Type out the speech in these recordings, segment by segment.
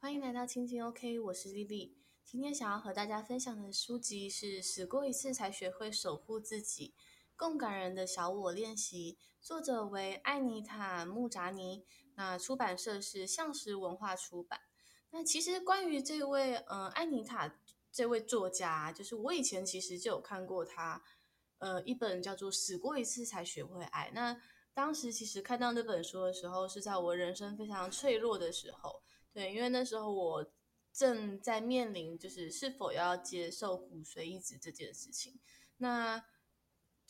歡迎來到青青 OK，我是麗麗，今天想要和大家分享的書籍是《死過一次才學會守護自己：共感人的小我練習》，作者為艾妮塔·穆扎尼。那、呃、出版社是橡實文化出版。那其實關於這位嗯、呃、艾妮塔這位作家、啊，就是我以前其實就有看過他，呃，一本叫做《死過一次才學會愛》。那當時其實看到那本書的時候，是在我人生非常脆弱的時候。對，因為那時候我正在面臨，就是是否要接受骨髓移植這件事情。那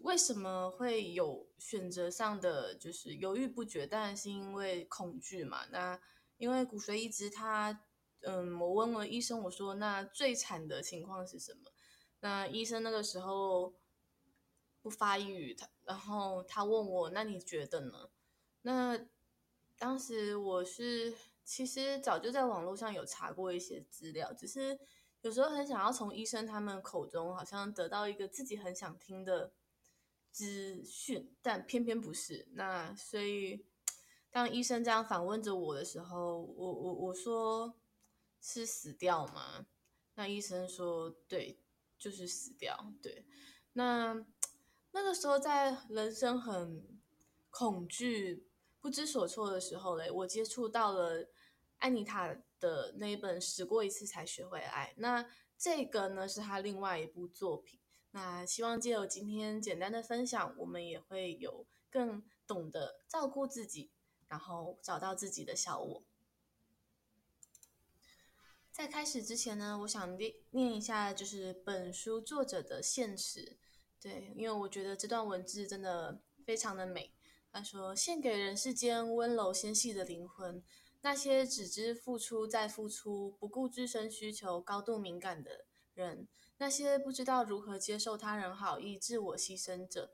為什麼會有選擇上的就是猶豫不決？當然是因為恐懼嘛。那因為骨髓移植他，他嗯，我問了醫生，我說那最慘的情況是什麼？那醫生那個時候不發一語，他然後他問我，那你覺得呢？那當時我是。其實早就在網絡上有查過一些資料，只是有時候很想要從醫生他們口中好像得到一個自己很想聽的資訊，但偏偏不是。那所以當醫生這樣反問着我的時候，我我我說是死掉嗎？那醫生說對，就是死掉。對，那那個時候在人生很恐懼、不知所措的時候嘞，我接觸到了。艾妮塔的那一本《死過一次才學會愛》，那這個呢是她另外一部作品。那希望借由今天簡單的分享，我們也會有更懂得照顧自己，然後找到自己的小我。在開始之前呢，我想念念一下，就是本書作者的獻詞。對，因為我覺得這段文字真的非常的美。他說：“獻給人世間溫柔纖細的靈魂。”那些只知付出再付出、不顧自身需求、高度敏感的人；那些不知道如何接受他人好意、自我犧牲者；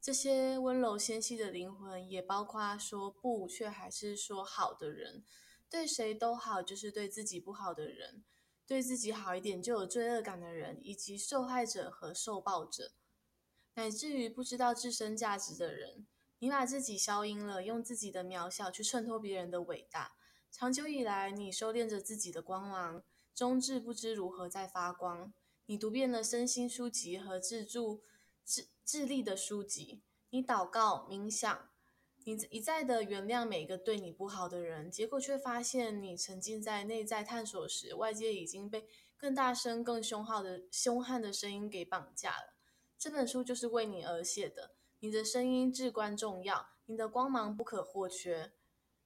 這些溫柔纖細的靈魂，也包括說不卻還是說好的人，對誰都好就是對自己不好的人，對自己好一點就有罪惡感的人，以及受害者和受暴者，乃至於不知道自身價值的人。你把自己消音了，用自己的渺小去襯托別人的偉大。長久以來，你收斂着自己的光芒，終至不知如何再發光。你讀遍了身心書籍和自助、自自力的書籍，你禱告、冥想，你一再的原諒每一個對你不好的人，結果卻發現你沉浸在內在探索時，外界已經被更大聲、更兇悍的兇悍的聲音給綁架了。這本書就是為你而寫的，你的聲音至關重要，你的光芒不可或缺。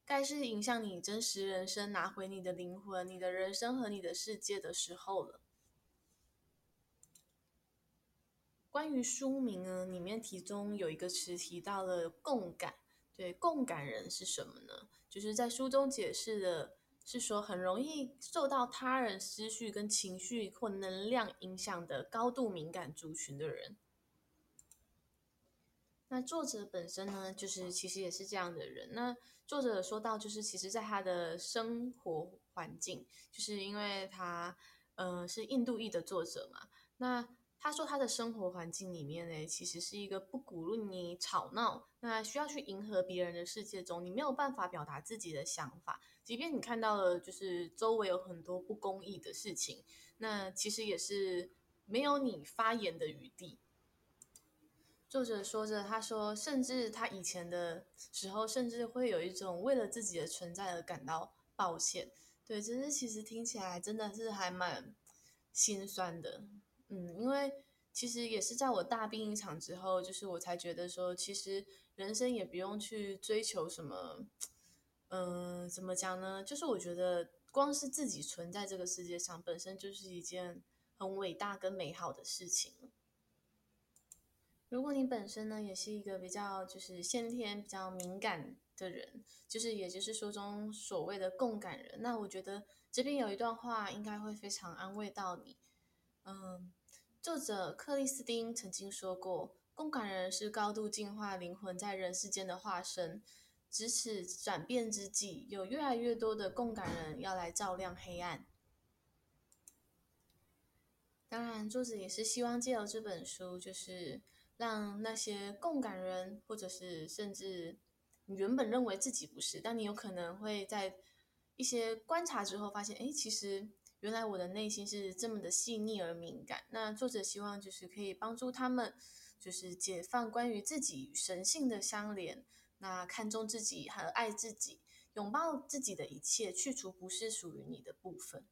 該是影響你真實人生、拿回你的靈魂、你的人生和你的世界的時候了。關於書名呢，裡面其中有一個詞提到了共感。對，共感人是什麼呢？就是在書中解釋的是說，很容易受到他人思緒跟情緒或能量影響的高度敏感族群的人。那作者本身呢，就是其實也是這樣的人。那作者說到，就是其實在他的生活環境，就是因為他，呃，是印度裔的作者嘛。那他說他的生活環境裡面呢，其實是一個不鼓勵你吵鬧，那需要去迎合別人的世界中，你沒有辦法表達自己的想法，即便你看到了，就是周圍有很多不公義的事情，那其實也是沒有你發言的餘地。作者說着，他說，甚至他以前的時候，甚至會有一種為了自己的存在而感到抱歉。對，真的其實聽起來真的是還蠻心酸的。嗯，因為其實也是在我大病一場之後，就是我才覺得說，其實人生也不用去追求什麼。嗯、呃，怎麼講呢？就是我覺得光是自己存在這個世界上，本身就是一件很偉大跟美好的事情。如果你本身呢也是一個比較就是先天比較敏感的人，就是也就是書中所謂的共感人，那我覺得這邊有一段話應該會非常安慰到你。嗯，作者克里斯丁曾經說過：“共感人是高度進化靈魂在人世間的化身，值此轉變之際，有越來越多的共感人要來照亮黑暗。”當然，作者也是希望借由這本書，就是。讓那些共感人，或者是甚至你原本認為自己不是，但你有可能會在一些觀察之後發現，誒，其實原來我的內心是這麼的細膩而敏感。那作者希望就是可以幫助他們，就是解放關於自己神性的相連，那看重自己和愛自己，擁抱自己的一切，去除不是屬於你的部分。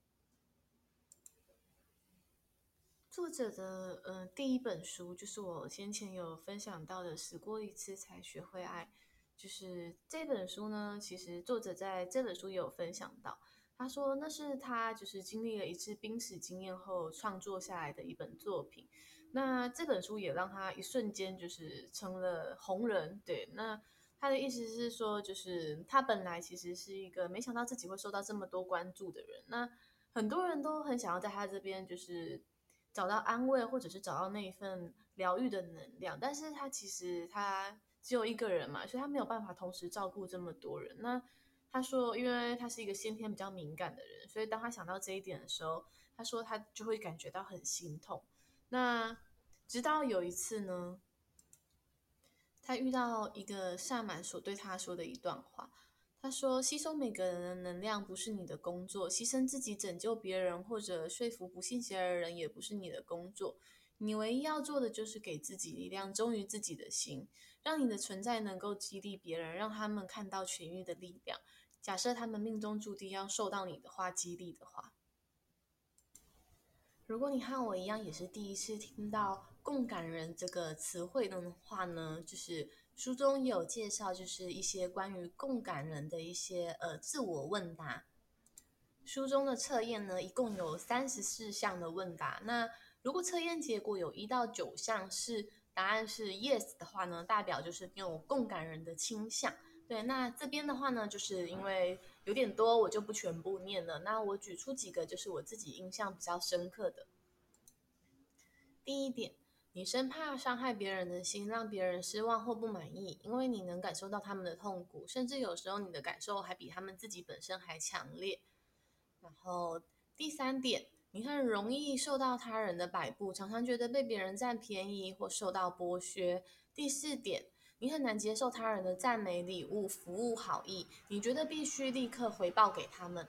作者的嗯、呃、第一本書就是我先前有分享到的《死過一次才學會愛》，就是這本書呢，其實作者在這本書也有分享到，他說那是他就是經歷了一次瀕死經驗後創作下來的一本作品。那這本書也讓他一瞬間就是成了紅人。對，那他的意思是說，就是他本來其實是一個沒想到自己會受到這麼多關注的人，那很多人都很想要在他這邊就是。找到安慰，或者是找到那一份療癒的能量，但是他其實他只有一個人嘛，所以他沒有辦法同時照顧這麼多人。那他說，因為他是一個先天比較敏感的人，所以當他想到這一點的時候，他說他就會感覺到很心痛。那直到有一次呢，他遇到一個薩滿所對他說的一段話。他說：“吸收每個人的能量不是你的工作，犧牲自己拯救別人或者說服不信邪的人也不是你的工作。你唯一要做的就是給自己力量，忠於自己的心，讓你的存在能夠激勵別人，讓他們看到痊癒的力量。假設他們命中注定要受到你的話激勵的話，如果你和我一樣也是第一次聽到‘共感人’這個詞彙的話呢，就是。”書中有介紹，就是一些關於共感人的一些呃自我問答。書中的測驗呢，一共有三十四項的問答。那如果測驗結果有一到九項是答案是 yes 的話呢，代表就是你有共感人的傾向。對，那這邊的話呢，就是因為有點多，我就不全部念了。那我舉出幾個，就是我自己印象比較深刻的。第一點。你生怕傷害別人的心，讓別人失望或不滿意，因為你能感受到他們的痛苦，甚至有時候你的感受還比他們自己本身還強烈。然後第三點，你很容易受到他人的擺佈，常常覺得被別人佔便宜或受到剝削。第四點，你很難接受他人的讚美、禮物、服務、好意，你覺得必須立刻回報給他們。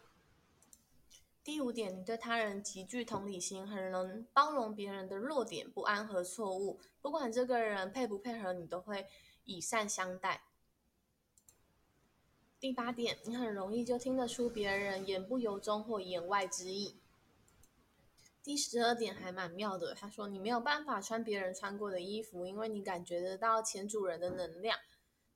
第五點，你對他人極具同理心，很能包容別人的弱點、不安和錯誤，不管這個人配不配合，你都會以善相待。第八點，你很容易就聽得出別人言不由衷或言外之意。第十二點還蠻妙的，他說你沒有辦法穿別人穿過的衣服，因為你感覺得到前主人的能量，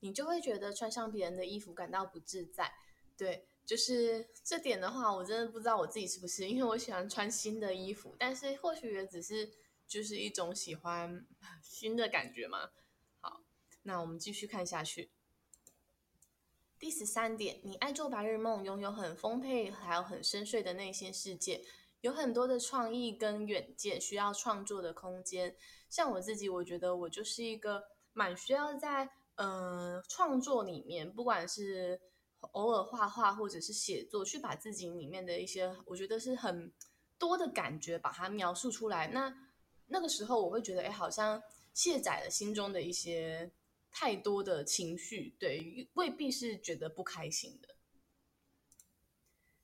你就會覺得穿上別人的衣服感到不自在。對。就是這點的話，我真的不知道我自己是不是，因為我喜歡穿新的衣服，但是或許也只是就是一種喜歡新的感覺嘛。好，那我們繼續看下去。第十三點，你愛做白日夢，擁有很豐沛還有很深邃的內心世界，有很多的創意跟遠見需要創作的空間。像我自己，我覺得我就是一個蠻需要在呃創作裡面，不管是。偶爾畫畫或者是寫作，去把自己裡面的一些，我覺得是很多的感覺，把它描述出來。那那個時候我會覺得，哎，好像卸載了心中的一些太多的情緒，對，未必是覺得不開心的。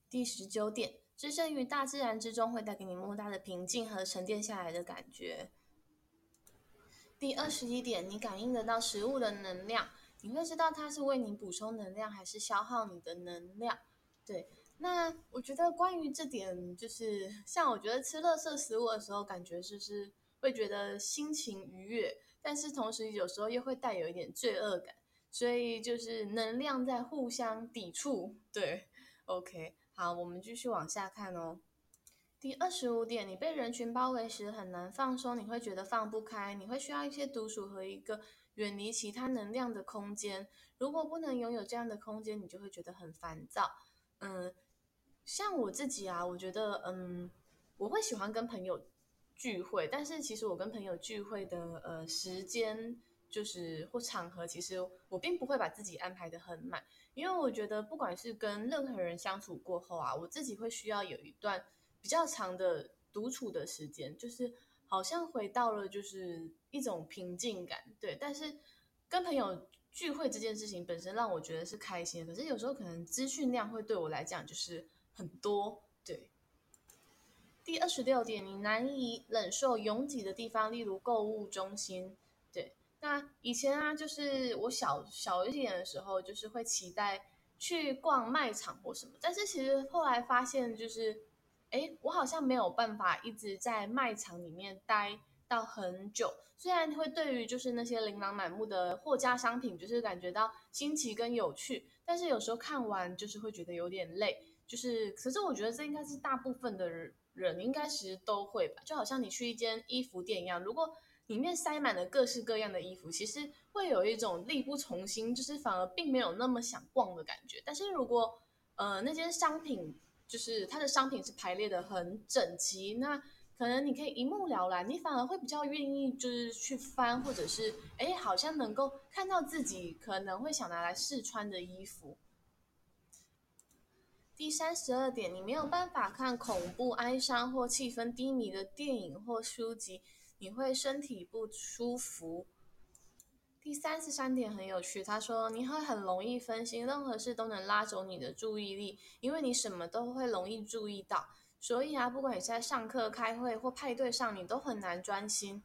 第十九點，置身於大自然之中會帶給你莫大的平靜和沉澱下來的感覺。第二十一點，你感應得到食物的能量。你會知道，它是為你補充能量還是消耗你的能量？對，那我覺得關於這點，就是像我覺得吃垃圾食物的時候，感覺就是會覺得心情愉悅，但是同時有時候又會帶有一點罪惡感，所以就是能量在互相抵觸。對，OK，好，我們繼續往下看哦。第二十五點，你被人群包圍時很難放鬆，你會覺得放不開，你會需要一些獨處和一個。遠離其他能量的空間。如果不能擁有這樣的空間，你就會覺得很煩躁。嗯，像我自己啊，我覺得，嗯，我會喜歡跟朋友聚會，但是其實我跟朋友聚會的呃時間，就是或場合，其實我並不會把自己安排得很滿，因為我覺得不管是跟任何人相處過後啊，我自己會需要有一段比較長的獨處的時間，就是。好像回到了就是一種平靜感，對。但是跟朋友聚會這件事情本身讓我覺得是開心的，可是有時候可能資訊量會對我來講就是很多，對。第二十六點，你難以忍受擁擠的地方，例如購物中心，對。那以前啊，就是我小小一點的時候，就是會期待去逛賣場或什麼，但是其實後來發現就是。哎，我好像沒有辦法一直在賣場裡面待到很久。雖然會對於就是那些琳琅滿目的貨架商品，就是感覺到新奇跟有趣，但是有時候看完就是會覺得有點累。就是，可是我覺得這應該是大部分的人應該其實都會吧。就好像你去一間衣服店一樣，如果裡面塞滿了各式各樣的衣服，其實會有一種力不從心，就是反而並沒有那麼想逛的感覺。但是如果呃那間商品。就是它的商品是排列得很整齊，那可能你可以一目了然，你反而會比較願意就是去翻，或者是誒，好像能夠看到自己可能會想拿來試穿的衣服。第三十二點，你沒有辦法看恐怖、哀傷或氣氛低迷的電影或書籍，你會身體不舒服。第三十三點很有趣，他說，你會很容易分心，任何事都能拉走你的注意力，因為你什麼都會容易注意到。所以啊，不管你是在上課、開會或派對上，你都很難專心。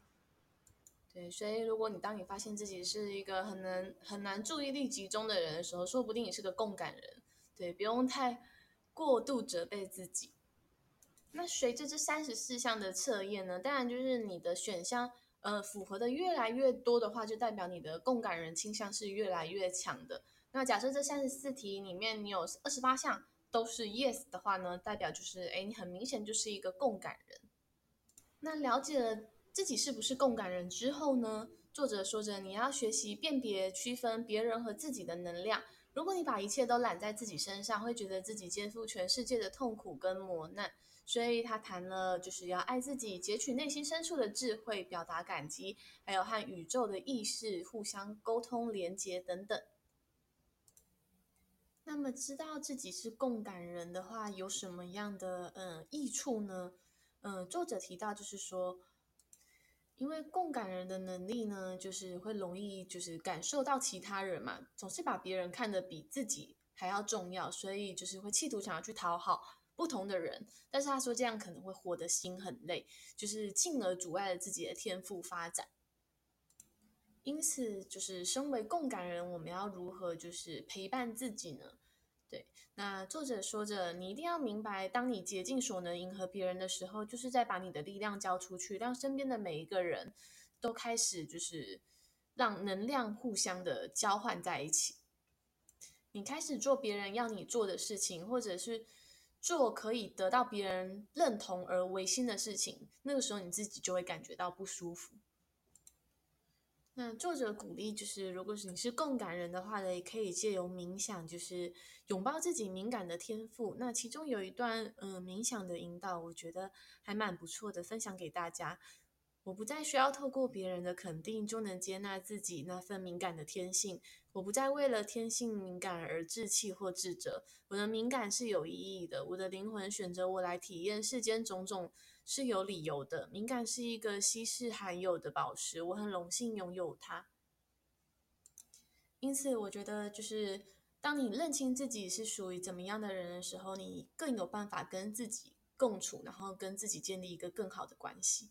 對，所以如果你當你發現自己是一個很能很難注意力集中的人的時候，說不定你是個共感人。對，不用太過度責備自己。那隨着這三十四項的測驗呢，當然就是你的選項。呃，符合的越來越多的話，就代表你的共感人傾向是越來越強的。那假設這三十四題裡面你有二十八項都是 yes 的話呢，代表就是誒，你很明顯就是一個共感人。那了解了自己是不是共感人之後呢，作者說着你要學習辨別區分別人和自己的能量。如果你把一切都攬在自己身上，會覺得自己肩負全世界的痛苦跟磨難。所以他談了，就是要愛自己，汲取內心深處的智慧，表達感激，還有和宇宙的意識互相溝通、連接等等。那麼知道自己是共感人的話，有什麼樣的，嗯，益處呢？嗯，作者提到，就是說，因為共感人的能力呢，就是會容易就是感受到其他人嘛，總是把別人看得比自己還要重要，所以就是會企圖想要去討好。不同的人，但是他說這樣可能會活得心很累，就是進而阻礙了自己的天賦發展。因此，就是身為共感人，我們要如何就是陪伴自己呢？對，那作者說着：“你一定要明白，當你竭盡所能迎合別人的時候，就是在把你的力量交出去，讓身邊的每一個人都開始就是讓能量互相的交換在一起。你開始做別人要你做的事情，或者是……”做可以得到別人認同而違心的事情，那個時候你自己就會感覺到不舒服。那作者鼓勵就是，如果你是共感人的話呢，也可以借由冥想，就是擁抱自己敏感的天賦。那其中有一段嗯、呃、冥想的引導，我覺得還蠻不錯的，分享給大家。我不再需要透過別人的肯定就能接納自己那份敏感的天性。我不再為了天性敏感而自棄或自責。我的敏感是有意義的，我的靈魂選擇我來體驗世間種種是有理由的。敏感是一個稀世罕有的寶石，我很榮幸擁有它。因此，我覺得就是當你認清自己是屬於怎麼樣的人的時候，你更有辦法跟自己共處，然後跟自己建立一個更好的關係。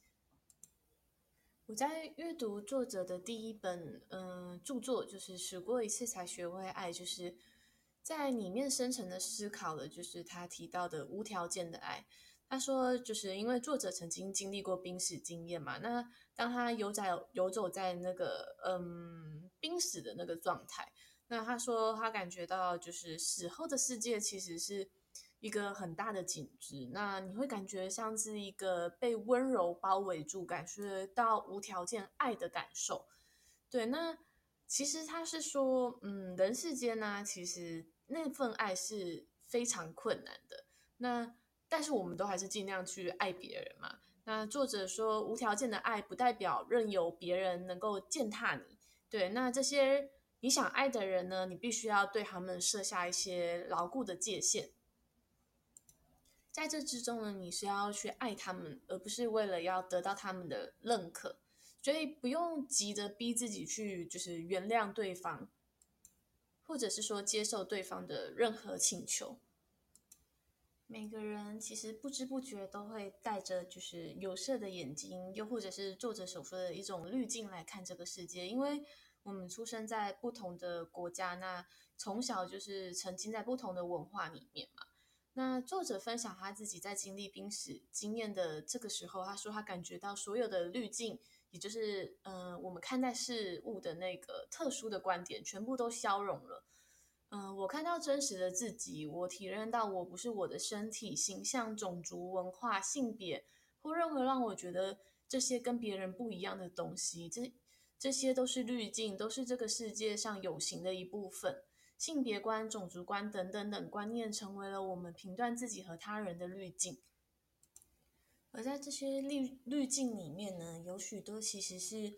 我在閱讀作者的第一本，嗯，著作就是《死過一次才學會愛》，就是在裡面深層的思考了，就是他提到的無條件的愛。他說，就是因為作者曾經經歷過瀕死經驗嘛，那當他游在游走在那個，嗯，瀕死的那個狀態，那他說他感覺到，就是死後的世界其實是一個很大的景緻，那你會感覺像是一個被溫柔包圍住，感覺到無條件愛的感受。對，那其實他是說，嗯，人世間呢、啊，其實那份愛是非常困難的。那但是我們都還是盡量去愛別人嘛。那作者說，無條件的愛不代表任由別人能夠踐踏你。對，那這些你想愛的人呢，你必須要對他們設下一些牢固的界限。在這之中呢，你是要去愛他們，而不是為了要得到他們的認可，所以不用急着逼自己去，就是原諒對方，或者是說接受對方的任何請求。每個人其實不知不覺都會帶着就是有色的眼睛，又或者是做着手術的一種濾鏡來看這個世界，因為我們出生在不同的國家，那從小就是沉浸在不同的文化裡面嘛。那作者分享他自己在經歷瀕死經驗的這個時候，他說他感覺到所有的濾鏡，也就是嗯、呃、我們看待事物的那個特殊的觀點，全部都消融了。嗯、呃，我看到真實的自己，我體認到我不是我的身體、形象、種族、文化、性別或任何讓我覺得這些跟別人不一樣的東西。這這些都是濾鏡，都是這個世界上有形的一部分。性別觀、種族觀等等等觀念，成為了我們評斷自己和他人的濾鏡。而在這些濾濾鏡裡面呢，有許多其實是，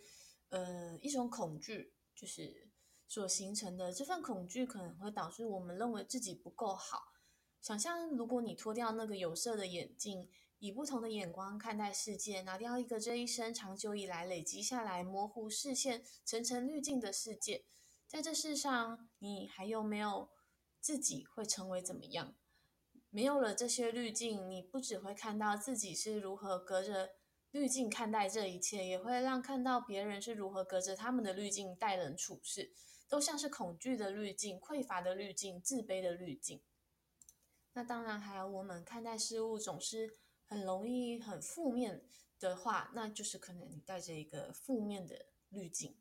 呃，一種恐懼，就是所形成的，這份恐懼可能會導致我們認為自己不夠好。想象，如果你脫掉那個有色的眼鏡，以不同的眼光看待世界，拿掉一個這一生長久以來累積下來模糊視線、層層濾鏡的世界。在這世上，你還有沒有自己會成為怎麼樣？沒有了這些濾鏡，你不只會看到自己是如何隔着濾鏡看待這一切，也會讓看到別人是如何隔着他們的濾鏡待人處事，都像是恐懼的濾鏡、匱乏的濾鏡、自卑的濾鏡。那當然還有我們看待事物總是很容易很負面的話，那就是可能你帶着一個負面的濾鏡。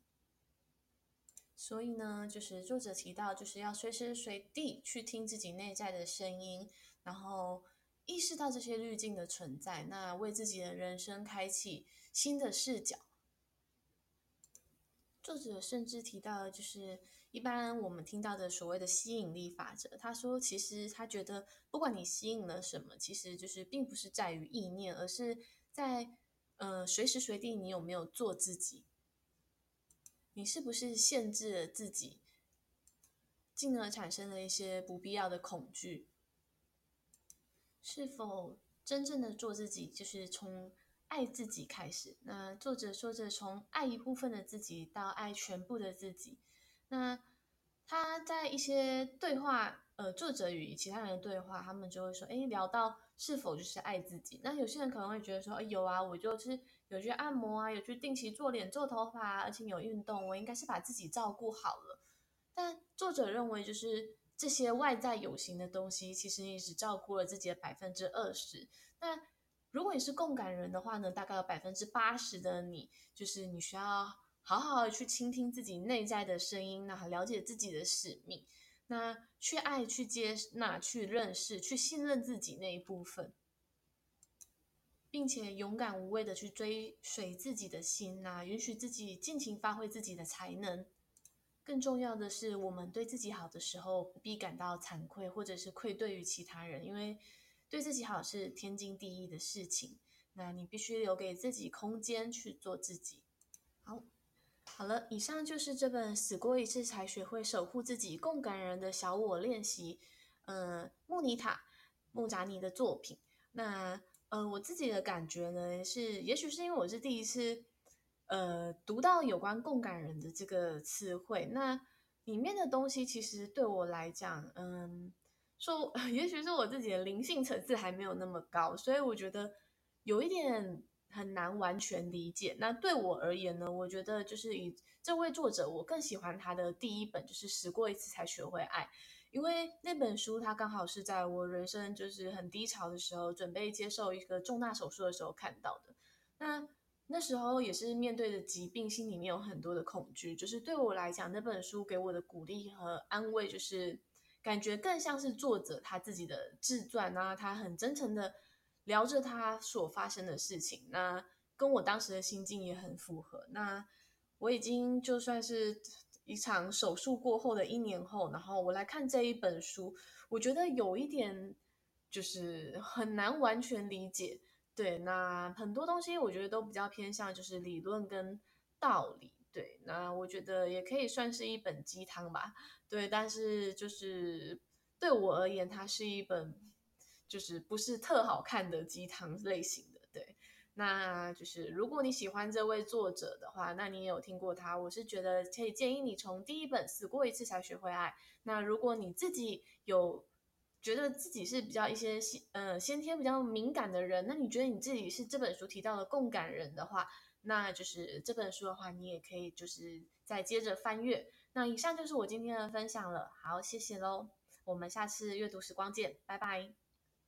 所以呢，就是作者提到，就是要隨時隨地去聽自己內在的聲音，然後意識到這些濾鏡的存在，那為自己的人生開啟新的視角。作者甚至提到，就是一般我們聽到的所謂的吸引力法則，他說，其實他覺得，不管你吸引了什麼，其實就是並不是在於意念，而是在，呃，隨時隨地你有沒有做自己。你是不是限制了自己，進而產生了一些不必要的恐懼？是否真正的做自己，就是從愛自己開始？那作者說着從愛一部分的自己到愛全部的自己，那他在一些對話，呃，作者與其他人的對話，他們就會說：“誒、欸，聊到是否就是愛自己？”那有些人可能會覺得說：“欸，有啊，我就是。”有去按摩啊，有去定期做臉、做頭髮啊，而且有運動，我應該是把自己照顧好了。但作者認為，就是這些外在有形的東西，其實你只照顧了自己的百分之二十。那如果你是共感人的話呢，大概有百分之八十的你，就是你需要好好的去傾聽自己內在的聲音，那了解自己的使命，那去愛、去接納、去認識、去信任自己那一部分。並且勇敢無畏地去追隨自己的心吶、啊，允許自己盡情發揮自己的才能。更重要的是，我們對自己好的時候不必感到慚愧，或者是愧對於其他人，因為對自己好是天經地義的事情。那你必須留給自己空間去做自己。好，好了，以上就是這本《死過一次才學會守護自己：共感人的小我練習》，嗯、呃，穆尼塔穆扎尼的作品。那。呃，我自己的感覺呢是，也許是因為我是第一次，呃，讀到有關共感人的這個詞彙，那裡面的東西其實對我來講，嗯，說也許是我自己的靈性層次還沒有那麼高，所以我覺得有一點很難完全理解。那對我而言呢，我覺得就是以這位作者，我更喜歡他的第一本，就是《死過一次才學會愛》。因為那本書，它剛好是在我人生就是很低潮的時候，準備接受一個重大手術的時候看到的。那那時候也是面對着疾病，心裡面有很多的恐懼。就是對我來講，那本書給我的鼓勵和安慰，就是感覺更像是作者他自己的自傳啊。他很真誠地聊着他所發生的事情，那跟我當時的心境也很符合。那我已經就算是。一場手術過後的一年後，然後我來看這一本書，我覺得有一點就是很難完全理解。對，那很多東西我覺得都比較偏向就是理論跟道理。對，那我覺得也可以算是一本雞湯吧。對，但是就是對我而言，它是一本就是不是特好看的雞湯類型的。那就是如果你喜歡這位作者的話，那你也有聽過他。我是覺得可以建議你從第一本《死過一次才學會愛》。那如果你自己有覺得自己是比較一些先呃先天比較敏感的人，那你覺得你自己是這本書提到的共感人的話，那就是這本書的話，你也可以就是再接着翻閱。那以上就是我今天的分享了，好，謝謝嘍，我們下次閱讀時光見，拜拜。